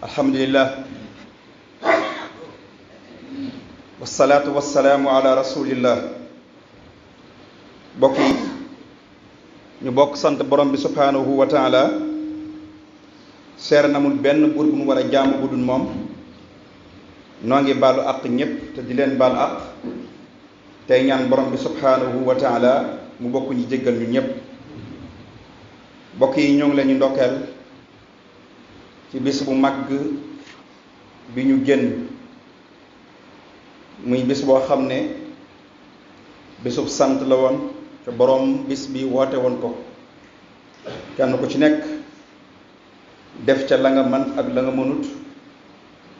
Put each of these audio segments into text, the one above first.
الحمد لله والصلاة والسلام على رسول الله بكي نبوك سنت برم سبحانه وتعالى سيرنا من بين برغن ولا جام بدون مم نوانجي بالو أق نيب تدلين بال أق تينيان برم سبحانه وتعالى مبوك نجيجل نيب بكم نيوم لنين دوكل ci bis bu mag bi ñu génn muy bis boo xam ne bisub sant la woon te borom bis bi woote woon ko kenn ku ci nekk def ca la nga man ak la nga mënut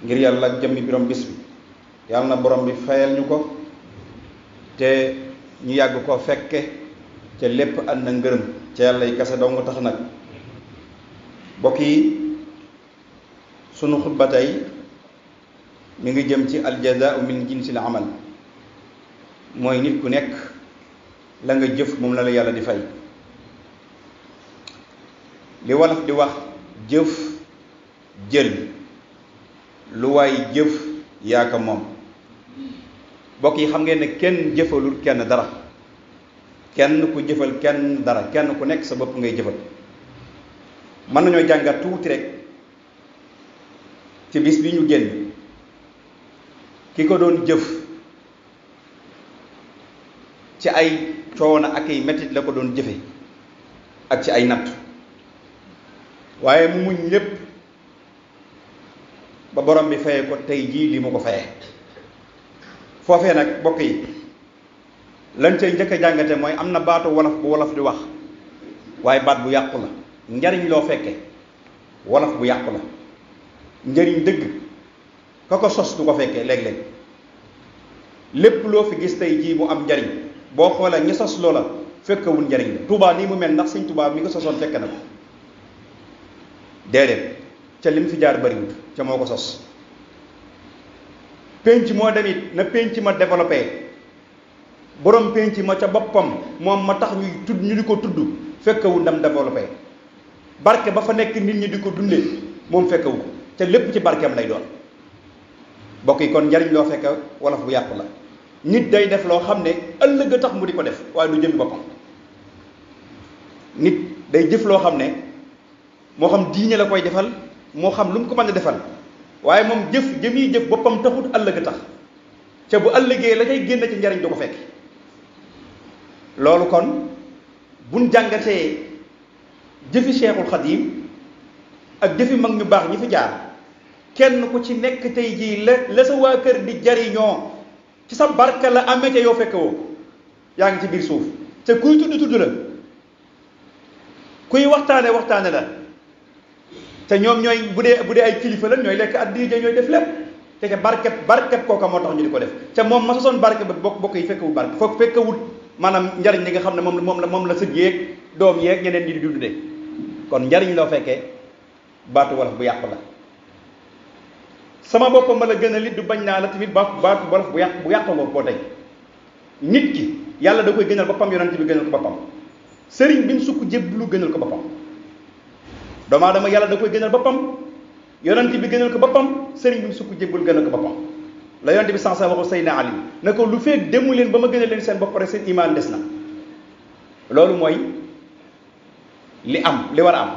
ngir yàlla ak jëmmi birom bis bi yàlla na borom bi fayal ñu te ñu yàgg ko fekke ca lépp an na ngërëm ca yàlla yi kase doo tax nag bokk sunu xutba tey mi ngi jëm ci aljazaau min jinsil amal mooy nit ku nekk la nga jëf moom la la yàlla di fay li wolof di wax jëf jël lu waay jëf yaaka moom bokk yi xam ngeen ne kenn jëfalul kenn dara kenn ku jëfal kenn dara kenn ku nekk sa bopp ngay jëfal mën nañoo jàngat tuuti rek ci biis bi ñu génn ki ko doon jëf ci ay coono ak ay metit la ko doon jëfe ak ci ay natt waaye mu muñ lépp ba borom bi faye ko tey jii li mu ko faye foofe nag bokk yi lañ cay njëkk jàngate mooy am na baatu wolof bu wolof di wax waaye baat bu yàqu la njariñ loo fekke wolof bu yàqu la njëriñ dëgg ka ko sos du ko fekkee léeg-léeg lépp loo fi gis tey jii mu am njariñ boo xoolee ñi sos loola fekkewul njariñ la Tuubaa nii mu mel ndax sëñ Tuubaa mi ko sosoon fekk na ko déedéet ca lim fi jaar bariwut ca moo ko sos pénc moo dem it na pénc ma développé borom pénc ma ca boppam moom ma tax ñuy tudd ñu di ko tudd fekkewul ndam développé barke ba fa nekk nit ñi di ko dundee moom fekkewu ko te lépp ci barkeem lay doon bokk yi kon njariñ loo fekk wolof bu yàqu la nit day def loo xam ne ëllëg a tax mu di ko def waaye lu jëmi boppam nit day jëf loo xam ne moo xam diine la koy defal moo xam lu mu ko mën a defal waaye moom jëf jëmi jëf boppam taxut ëllëg a tax ca bu ëllëgee la cay génn ci njariñ du ko fekk loolu kon bu buñ jàngatee jëfi Cheikhul Xadim ak jëfi mag ñu baax ñi fi jaar kenn ko ci nekk tey jii la la sa waa kër di jariñoo ci sa barke la amee ca yoo fekk woo yaa ngi ci biir suuf te kuy tudd tudd la kuy waxtaane waxtaane la te ñoom ñooy bu dee bu dee ay kilifa la ñooy lekk at diije ñooy def lépp te ca barket barket kooka moo tax ñu di ko def te moom ma sosoon barke ba bokk bokk yi fekkewul barke foog wut maanaam njariñ li nga xam ne moom moom la moom la sëg yeeg doom yeeg ñeneen ñi di de kon njariñ loo fekkee baatu wolof bu yàqu la sama boppam ma la gën a lit du bañ naa la tamit ba baatu wolof bu yàq bu yàqoo boo tey nit ki yàlla da koy gënal boppam yonent bi gënal ko boppam sëriñ bi mu sukk jébbalu gënal ko boppam doomu aadama yàlla da koy gënal boppam yonent bi gënal ko boppam sëriñ bi sukk jébbal gënal ko boppam la yonent bi sans sa waxu Seydina Ali ne ko lu feeg demu leen ba ma gënal leen seen bopp rek seen imaan des na loolu mooy li am li war a am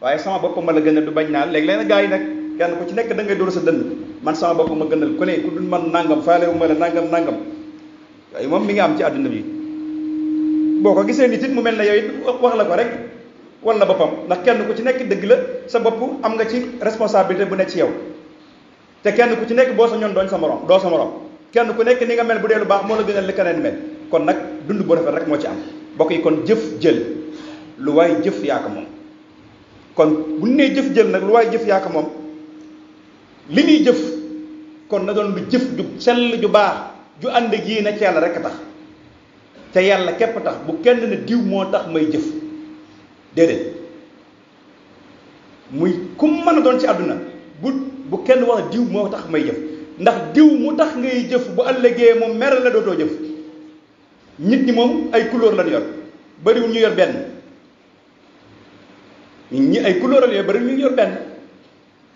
waaye sama boppam ma la gënal du bañ naa léegi leen gaa yi nag kenn ku ci nekk da ngay dóor sa dënn man sama bopp ma gënal ku ne ku dul man nangam faalewu ma la nangam nangam yooyu moom mi nga am ci àdduna bi boo ko gisee nit it mu mel na ne yooyu wax la ko rek wala boppam ndax kenn ku ci nekk dëgg la sa bopp am nga ci responsabilité bu nekk ci yow te kenn ku ci nekk boo sa ñoon dooñ sa morom doo sa morom kenn ku nekk ni nga mel bu dee lu baax moo la gënal li keneen mel kon nag dund bu rafet rek moo ci am bokk yi kon jëf jël lu waay jëf yaa moom kon bu ñu jëf jël nag waay jëf yaa moom li ñuy jëf kon na doon jëf ju sell ju baax ju ànd ak yéen a ci yàlla rekk tax te yàlla képp tax bu kenn ne diw moo tax may jëf déedéet muy ku mën doon ci àdduna bu bu kenn wax diw moo tax may jëf ndax diw mu tax ngay jëf bu ëllëgee moom mer la dootoo jëf nit ñi moom ay couleur lañu yor bariwul ñu yor benn ñi ay couleur lañu yor bariwul ñu benn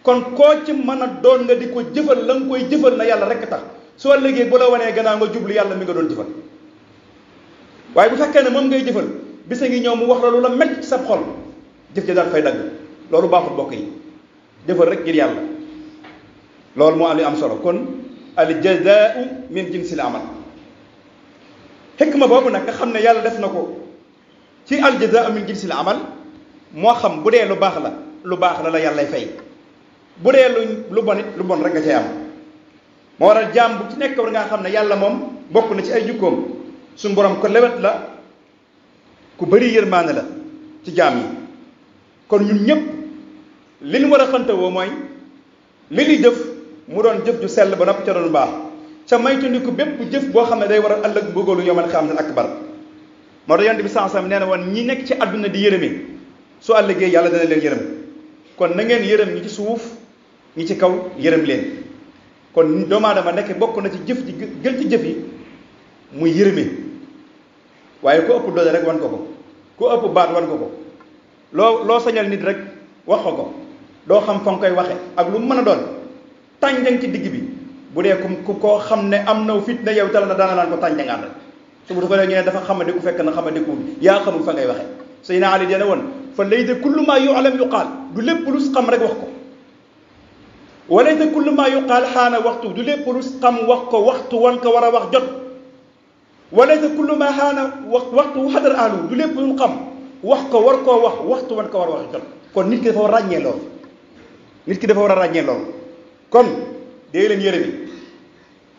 kon ko ci mën doon nga diko jëfël la nga koy jëfël na yàlla rek tax so liggéey bu la wone gëna nga jublu yàlla mi nga doon jëfël waye bu fekkee ne moom ngay jëfal bisa ngi ñëw mu wax la lu la metti ci sa xol jëf ci dal fay dagg loolu baaxul bokk yi jëfël rek gir yàlla lolu mo ali am solo kon al jazaau min jinsil amal hikma bobu nak nga xam yàlla def nako ci al jazaau min jinsil amal mo xam bu de lu baax la lu baax la la yalla fay bu dee lu lu bon it lu bon rek nga cay am moo waral jaam bu ci nekk war ngaa xam ne yàlla moom bokk na ci ay jukkoom suñu borom ko lewet la ku bëri yërmaane la ci jaam yi kon ñun ñëpp li ñu war a xantawoo mooy li ñuy jëf mu doon jëf ju sell ba noppi ca doon baax ca maytandiku bépp jëf boo xam ne day war a ëllëg mbugalu yomal xiyaamal akbar moo tax yonent bi sallallahu alayhi nee na woon ñi nekk ci àdduna di yërëme su àllëgee yàlla dana leen yërëm kon na ñi ci kaw yërëm leen kon doomu aadama nekk bokk na ci jëf ji gën ci jëf yi muy yërëme waaye ko ëpp doole rek wan ko ko ku ëpp baat wan ko ko loo loo sañal nit rek wax ko ko doo xam fa koy waxe ak lu mu mën a doon tànjang ci digg bi bu dee ku koo xam ne am na fit na yow tal na dana naan ko tànjangaan rek su ko defee ñu ne dafa xamadi ku fekk na xamadi ku yaa xamul fa ngay waxe sayna Ali dina woon fa lay de kullu ma yu'lam yuqal du lépp lu xam rek wax ko وليت كل ما يقال حان وقت دولي بولوس قام وقت وقت وانك ورا وقت جد وليت كل ما حان وقت وقت وحدر آلو دولي بولوس قام وقت وقت وقت وقت وانك ورا وقت جد كون نيت كده فورا نيلا نيت كده فورا رانيلا كون ديلن يرمي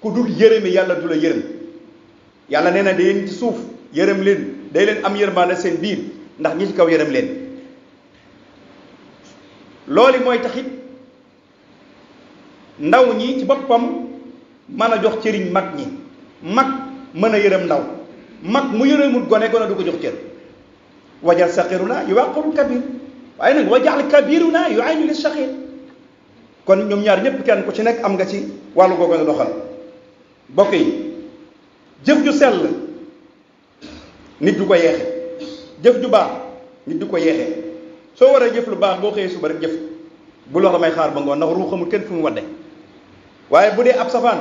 كدول يرمي يالا دولا يرم يالا نينا دين تسوف يرم لين ديلن أم يرم سين بير نحن نيت كاو يرم لين لولي موي تخيب ndaw ñi ci boppam mën a jox cëriñ mag ñi mag mën a yërëm ndaw mag mu yërëmul gone gone du ko jox cër wajal saqiru naa yu wàqarul kabir waaye nag wajal kabiru naa yu aynu li saqir kon ñoom ñaar ñëpp kenn ku ci nekk am nga ci wàllu googu nga doxal bokk yi jëf ju sell nit du ko yeexe jëf ju baax nit du ko yeexee soo waree jëf lu baax boo xëyee suba rek jëf bu loxo may xaar ba ngoon ndax ruux xamul kenn fu mu wadde waaye bu dee ab safaan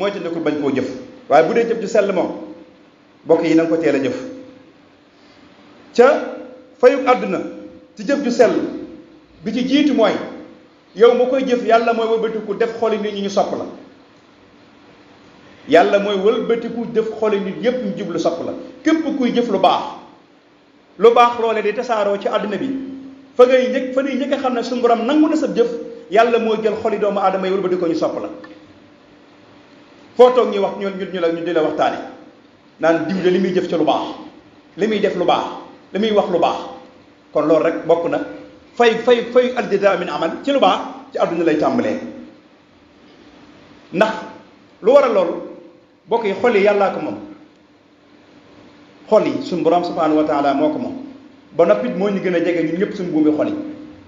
mooy te nekkul bañ koo jëf waaye bu dee jëf ju sell moom bokk yi na ko teel a jëf ca fayuk àdduna ci jëf ju sell bi ci jiitu mooy yow ma koy jëf yàlla mooy wëlbatiku def xoli nit ñi ñu sopp la yàlla mooy wëlbatiku def xoli nit yépp ñu jublu sopp la képp kuy jëf lu baax lu baax loole di tasaaroo ci àdduna bi fa ngay njëkk fa ngay njëkk xam ne suñu borom mu na sa jëf yàlla moo jël xoli doomu adamay wul ba diko ñu sopp la foto toog ñuy wax ñu ñu la ñu di la waxtaane naan diw de limi jëf ci lu baax limi def lu baax limi wax lu baax kon lool rek bokku na fay fay fay aljaza min amal ci lu baax ci aduna lay tambalé ndax lu war lool bokki xoli yalla ko mom xoli sun borom subhanahu wa taala moko mom ba nopit mo ñu gëna jégué ñun ñëpp sun buumi xol yi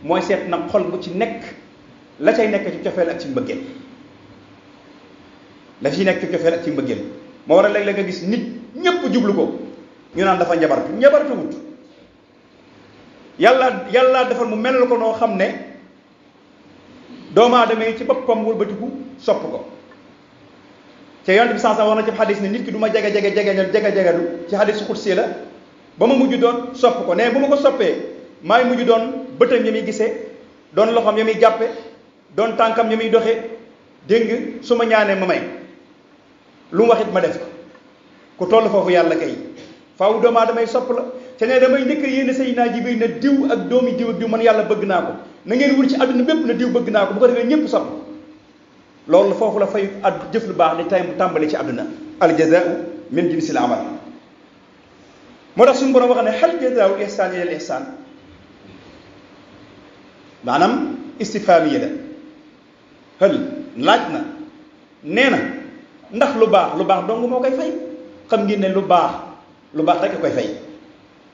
mooy seet nag xol bu ci nekk la cay nekk ci cofeel ak ci mbëggeel la ciy nekk ci cofeel ak ci mbëggeel moo waral léeg-léeg nga gis nit ñëpp jublu ko ñu naan dafa njabartu njabartuwut yàlla yàlla defal mu mel ko noo xam ne doomu aadama yi ci boppam wëlbatiku sopp ko te yonent bi sansa wax na ci xadis ne nit ki du ma jege jege jege jege jege du ci xadis xutsi la ba ma mujj doon sopp ko ne bu ma ko soppee maay mujj doon bëtam ya muy gisee doon loxoom ya muy jàppe doon tànkam yi muy doxé dégg nga su ma ñaanee ma may lu mu waxit ma def ko ku toll foofu yàlla kay faaw doomu damay sopp la te ne damay njëkk yéen say naa ji béy na diw ak doomi diw ak diw man yàlla bëgg naa ko na ngeen wul ci àdduna bépp na diw bëgg naa ko bu ko defee ñëpp sopp loolu foofu la fay ad jëf lu baax di tay mu tàmbali ci àdduna al jazaau min jinsil amal moo tax suñu borom wax ne hal jazaau ihsan ila al ihsaan maanaam istifhaamiya la هل لاجنا نينا ندخ لو باخ لو باخ دونغ موكاي فاي خم ني لو باخ لو باخ رك كاي فاي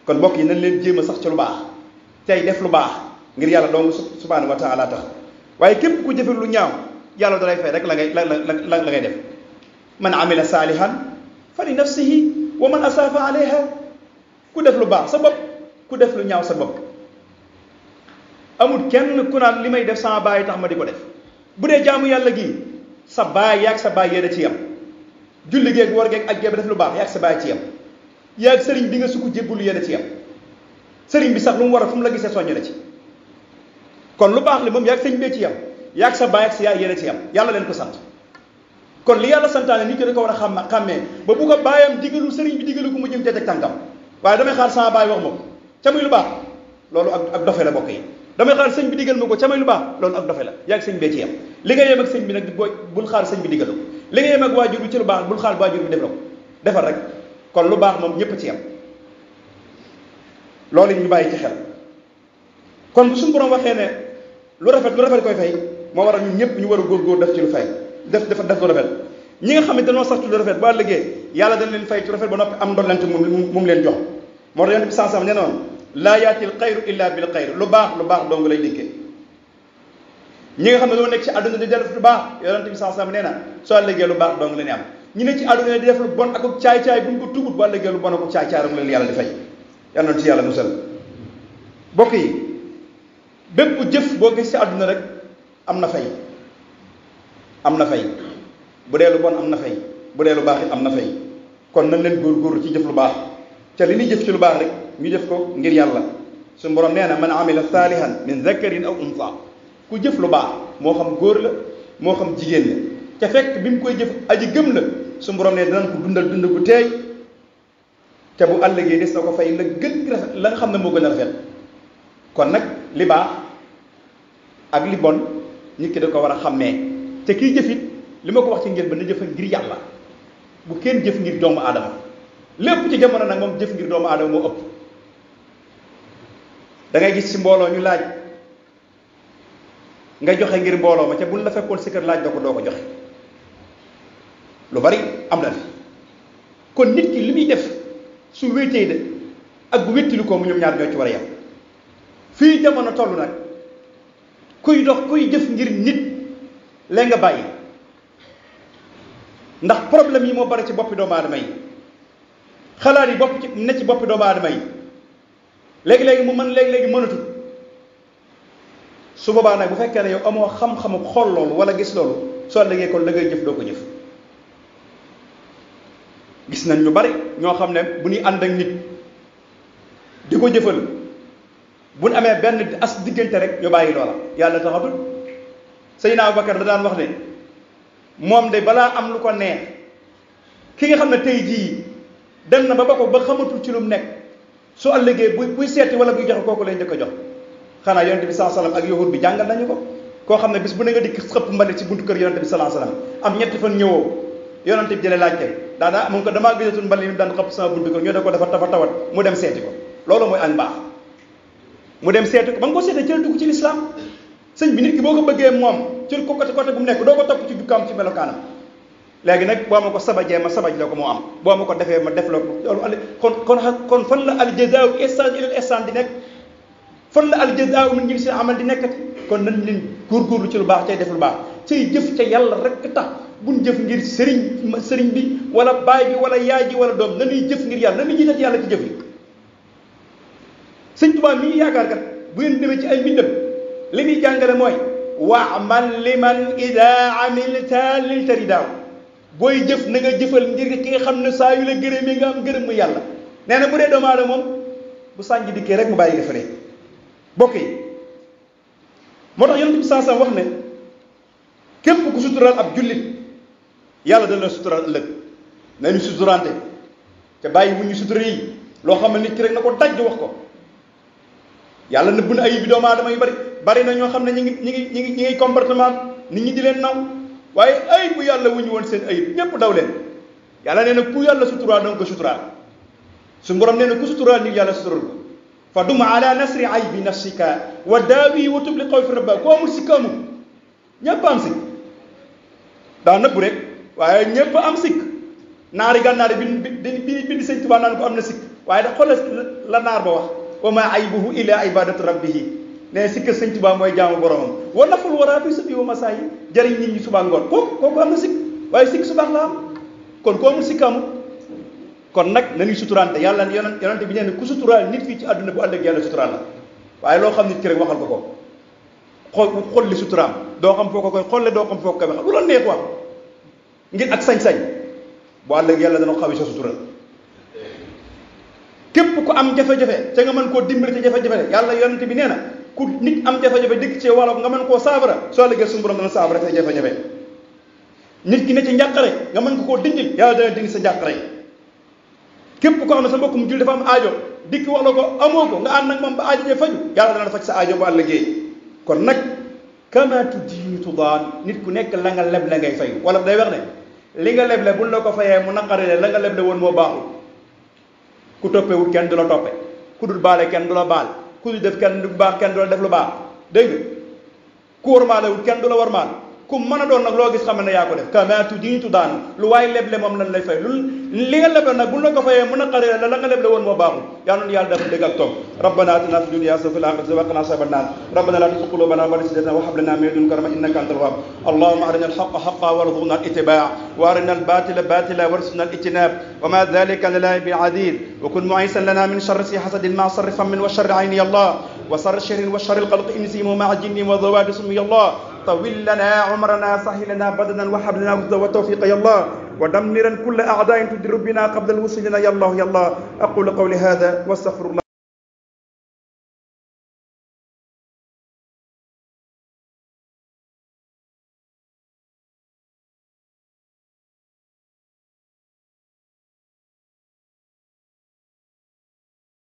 كون بوك ني نلين جيما ساخ تي لو باخ تاي ديف لو باخ غير يالا دونغ سبحان وتعالى تخ واي كيب كو جيفل لو نياو يالا دراي فاي رك لا غاي لا لا غاي ديف من عمل صالحا فلنفسه ومن اساف عليها كو ديف لو باخ سا بوب كو ديف لو نياو سا بوب amul kenn ku naan limay def sama baye tax ma diko def bu dee jaamu yàlla gii sa baay yaag sa baay yéen a ci yam julli geeg war geeg ak géeb daf lu baax yaag sa baay ci yam yaag sëriñ bi nga sukk jébbulu yéen a ci yam sëriñ bi sax lu mu war a fu mu la gisee soññ la ci kon lu baax li moom yaag sëriñ bee ci yam yaag sa baay ak sa yaay yéen a ci yam yàlla leen ko sant kon li yàlla santaane nit ki da ko war a xam xàmmee ba bu ko baayam digalu sëriñ bi digalu ko mu jëm te teg tànkam waaye damay xaar sama baay wax ma ko ca loolu ak ak dofe bokk yi damay xaar sëñ bi digal mako ci may lu baax lool ak dofe la yaa sëñ bee ci yam li nga yem ak sëñ bi nak booy bul xaar sëñ bi digal ko li nga yem ak wajur bi ci lu baax bul xaar wajur bi def lako defal rek kon lu baax mom ñëpp ci yam loolu ñu bàyyi ci xel kon bu sun borom waxé ne lu rafet lu rafet koy fay mo wara ñun ñëpp ñu wara a góorgóor def ci lu fay def def def lu rafet ñi nga xamni ne dañoo sax ci lu rafet ba liggé yàlla dañ leen fay ci rafet ba nopi am ndolante moom moom leen jox mo tax yonent bi sansam nee na woon laa yaatil xayru illa bil xayr lu baax lu baax dong lay dikkee ñi nga xam ne loo nekk ci àdduna di def lu baax yonente bi sax nee na soo àllëgee lu baax dong la ñu am ñu ne ci àdduna di def lu bon ak caay-caay bu ñu ko tubut bu àllëgee lu bon ak caay-caay rek leen yàlla di fay yal na ci yàlla musal bokk yi bépp jëf boo ci àdduna rek am na fay am na fay bu dee lu bon am na fay bu dee lu baax it am na fay kon na leen góorgóorlu ci jëf lu baax ca li ñuy jëf ci lu baax rek ñu def ko ngir yàlla suñu borom nee na man amila salihan min zakarin aw unsa ku jëf lu baax moo xam góor la moo xam jigéen la ca fekk bi mu koy jëf aji gëm la suñu borom nee danañ ko dundal dund gu teey te bu àllëgee des na ko fay la gën rafet la nga xam ne moo gën a rafet kon nag li baax ak li bon nit ki da ko war a xàmmee te kiy jëfit li ma ko wax ci ngeen ba na jëfa ngir yàlla bu kenn jëf ngir doomu aadama lépp ci jamono nag moom jëf ngir doomu aadama moo ëpp da gis ci mbooloo ñu laaj nga joxe ngir mbooloo ma ca buñ la fekkoon si kër laaj doo ko doo ko joxe lu bari am na fi kon nit ki li muy def su wéetee de ak gu wéttili ko mu ñoom ñaar ñoo ci war a yem fii jamono toll nag kuy dox kuy jëf ngir nit lee nga bàyyi ndax problème yi moo bari ci boppi doomu aadama yi xalaat yi bopp ci ne ci boppi doomu aadama yi léegi léegi mu mën léegi léegi mënatu su boobaa nag bu fekkee ne yow amoo xam-xamu xool loolu wala gis loolu soo liggéey kon da ngay jëf doo ko jëf gis nañ ñu bari ñoo xam ne bu ñuy ànd ak nit di ko jëfal bu ñu amee benn as diggante rek ñu bàyyi loola yàlla taxatul naa Abubakar da daan wax ne moom de balaa am lu ko neex ki nga xam ne tey jii dem na ba bako ba xamatul ci lum nek su allegé bu buy seeti wala buy joxe kooku lay njëkk jox xana yaronte bi sallallahu alayhi wasallam ak yahud bi jangal nañu ko ko xamne bis bu ne nga dik xep mbalit ci buntu kër yaronte bi sallallahu alayhi wasallam am ñetti fa ñëwo yaronte bi jële laajte daanaa mu ko dama gisatul mbalit mi daan xep sama buntu kër ñu da ko dafa tafa tawat mu dem seeti ko loolu moy an baax mu dem seeti ko ba nga ko seetee ci dug ci l'islam sëñ bi nit ki boko bëggé mom ci ko ko ko bu mu nekk doo ko top ci dukkaam ci melokanam léegi nag boo ma ko sabajee ma sabaj la ko moo am boo ma ko defee ma def la ko loolu kon kon kon fan la aljazaa ihsaan ilal ihsaan di nekk fan la aljazaa min si amal di nekk kon nañ leen góorgóorlu ci lu baax cay def lu baax cay jëf ca yàlla rek ta bu jëf ngir sëriñ sëriñ bi wala baay bi wala yaay ji wala doom nañuy jëf ngir yàlla nañuy jiital yàlla ci jëf yi sëñ Tuubaa mii yaakaar kat bu ngeen demee ci ay mbindam li muy jàngale mooy waamal liman ida amilta lil tari daaw booy jëf na nga jëfal ngir ki nga xam ne saa yu la gërëmee nga am gërëm mu yàlla nee na bu dee doomu aadama moom bu sànj dikkee rek mu bàyyi defaree bokk yi moo tax yonent bi sansam wax ne képp ku ab jullit yàlla dana la suturaal ëllëg nañu suturante te bàyyi bu ñu sutura loo xam ne nit ki rek na ko daj wax ko yàlla nëbb na ayib bi doomu aadama yu bari bari na ñoo xam ne ñu ngi ñu ngi ñu ngi ñu ngi comportement nit ñi di leen naw waaye ayib bu yàlla wuñu woon seen ayib ñépp daw leen yàlla nee na ku yàlla suturaal danga su borom nee na ku suturaal nit yàlla suturaal ko fa dum ala nasri aybi nafsika wa daawi wa tub li xaw fi rabba ko amul sikk amul ñépp waaye ñépp am sikk naari gànnaari bi bi bi di sëñ Tuubaa am na waaye da xoolal la naar ba wax wa ma aybuhu illa ibadatu rabbihi ne si kër sëñ Tuubaa mooy jaamu boromam wa naful waraa fi sa biwa masaa yi jëriñ nit ñi subaa ngoon kooku kooku am na sikk waaye sikk subaax la am kon koo amul sikk amul kon nag nañuy suturaante yàlla yonent yonent bi nee na ku suturaal fii ci àdduna bu ànd ak yàlla suturaal loo xam nit ki waxal ko ko xool xool li suturaam doo xam foo ko koy xolle doo ko koy waxal lu la neex wax ngir ak sañ-sañ bu yàlla dana xawi sa sutural ku am jafe-jafe nga mën koo dimbali ci jafe-jafe yàlla yonent bi nee na ku nit am jafé jafé dik ci walof nga mën koo saabara soo liggéey suñu borom na sabra say jafé jafé nit ki ne ci njaqare nga man ko ko dindil ya da dindi sa njaqare kep ko xamna sa mbokkum jul dafa am aajo dik wax amoko ko ko nga and nak mom ba aajo ja faju na fa ci sa aajo Allah geey kon nak kama tudiinu tudan nit ku nek la nga la ngay fay wala day wax ne li nga le bu la ko fayé mu le la nga le won mo baaxu ku topé wu kenn dula topé ku dul balé kenn dula balé ku ñu def kenn du baax kenn du la def la baax dégg maa ne warmaalewul kenn du la warmaal ku mën a doon nag loo gis xam ne yaa ko def kamatu diitu daanu lu waay leble moom lan lay fay lu li nga leble nag bu la ko fayee mën a xaree la la nga leble woon moo baaxul yàlla na yàlla dafa dégg ak toog ربنا اتنا في الدنيا حسنه وفي الاخره حسنه وقنا عذاب النار ربنا لا تزغ قلوبنا بعد إذ هديتنا وهب لنا من لدنك رحمه انك انت الوهاب اللهم ارنا الحق حقا وارزقنا الاتباع وارنا الباطل باطلا وارزقنا الاجتناب وما ذلك لله بعزيز وكن معيسا لنا من شر حسد مع شر فم وشر عيني الله وشر شر وشر القلق انسيم مع الجن وذوات سمي الله طول لنا عمرنا سهل لنا بدنا وحب لنا رشدا وتوفيق يا الله ودمرا كل اعداء تدربنا قبل الوصول لنا يا الله يا الله اقول قولي هذا واستغفر الله